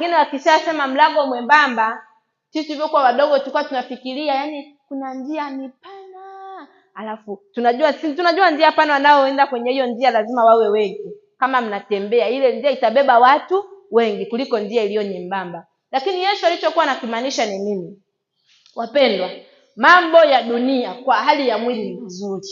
Wengine wakishasema mlango mwembamba, sisi tulivyokuwa wadogo tulikuwa tunafikiria yani kuna njia ni pana, alafu tunajua si tunajua njia pana, wanaoenda kwenye hiyo njia lazima wawe wengi. Kama mnatembea ile njia itabeba watu wengi kuliko njia iliyo nyembamba. Lakini Yesu alichokuwa anakimaanisha ni nini? Wapendwa, mambo ya dunia kwa hali ya mwili ni mazuri,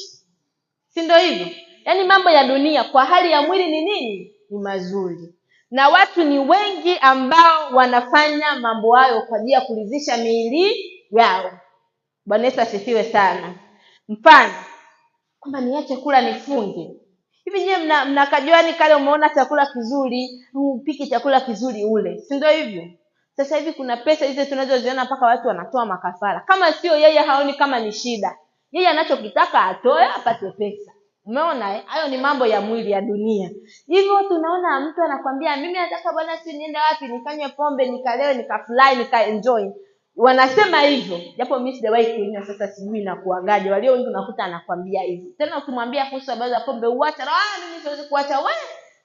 si ndio hivyo? Yaani mambo ya dunia kwa hali ya mwili ni nini? Ni mazuri na watu ni wengi ambao wanafanya mambo hayo kwa ajili ya kuridhisha miili yao. Bwana Yesu asifiwe sana. Mfano kwamba niache kula nifunge hivi. Je, mna, mna kajuani kale, umeona chakula kizuri, upike chakula kizuri ule, si ndio hivyo? Sasa hivi kuna pesa hizo tunazoziona mpaka watu wanatoa makafara. Kama sio yeye, haoni kama ni shida. Yeye anachokitaka atoe, apate pesa. Umeona, eh? hayo ni mambo ya mwili ya dunia. Hivyo tunaona mtu anakwambia mimi nataka bwana, si niende wapi nikanywe pombe nikalewe nikafurahi nikaenjoy. Wanasema hivyo, japo mimi sijawahi kuinywa, sasa sijui nakuagaje. Walio wengi unakuta anakwambia hivyo. Tena ukimwambia kuhusu habari za pombe uacha, ah, mimi siwezi kuacha wewe.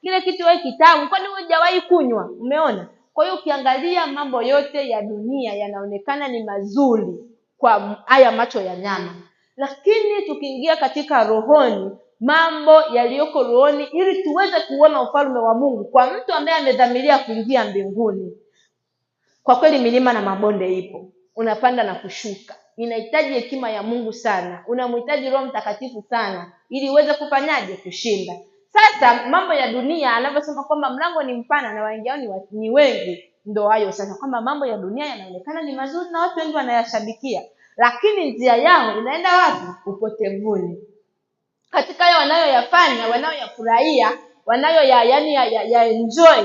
Kile kitu wewe kitamu, kwani wewe hujawahi kunywa? Umeona? Kwa hiyo ukiangalia mambo yote ya dunia yanaonekana ni mazuri kwa haya macho ya nyama, lakini tukiingia katika rohoni mambo yaliyoko rohoni ili tuweze kuona ufalme wa mungu kwa mtu ambaye amedhamiria kuingia mbinguni kwa kweli milima na mabonde ipo unapanda na kushuka inahitaji hekima ya mungu sana unamhitaji roho mtakatifu sana ili uweze kufanyaje kushinda sasa mambo ya dunia anavyosema kwamba mlango ni mpana na waingiao ni, ni wengi ndo hayo sasa kwamba mambo ya dunia yanaonekana ni mazuri na watu wengi wanayashabikia lakini njia yao inaenda wapi upotevuni katika hayo wanayoyafanya wanayoyafurahia wanayoya yani ya, ya, ya enjoy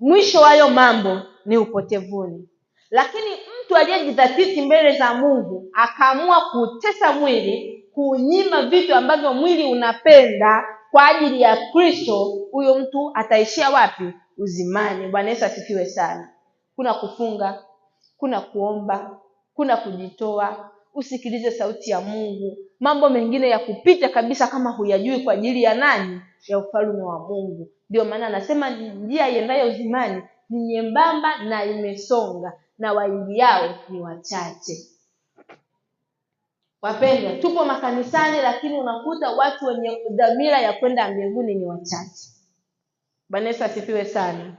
mwisho wa hayo mambo ni upotevuni lakini mtu aliyejidhatiti mbele za mungu akaamua kutesa mwili kuunyima vitu ambavyo mwili unapenda kwa ajili ya kristo huyo mtu ataishia wapi uzimani bwana yesu asifiwe sana kuna kufunga kuna kuomba kuna kujitoa usikilize sauti ya Mungu. Mambo mengine ya kupita kabisa kama huyajui kwa ajili ya nani? Ya ufalme wa Mungu. Ndio maana anasema njia iendayo uzimani ni nyembamba na imesonga na waingiao ni wachache. Wapendwa, tupo makanisani lakini unakuta watu wenye dhamira ya kwenda mbinguni ni wachache. Bwana Yesu asifiwe sana.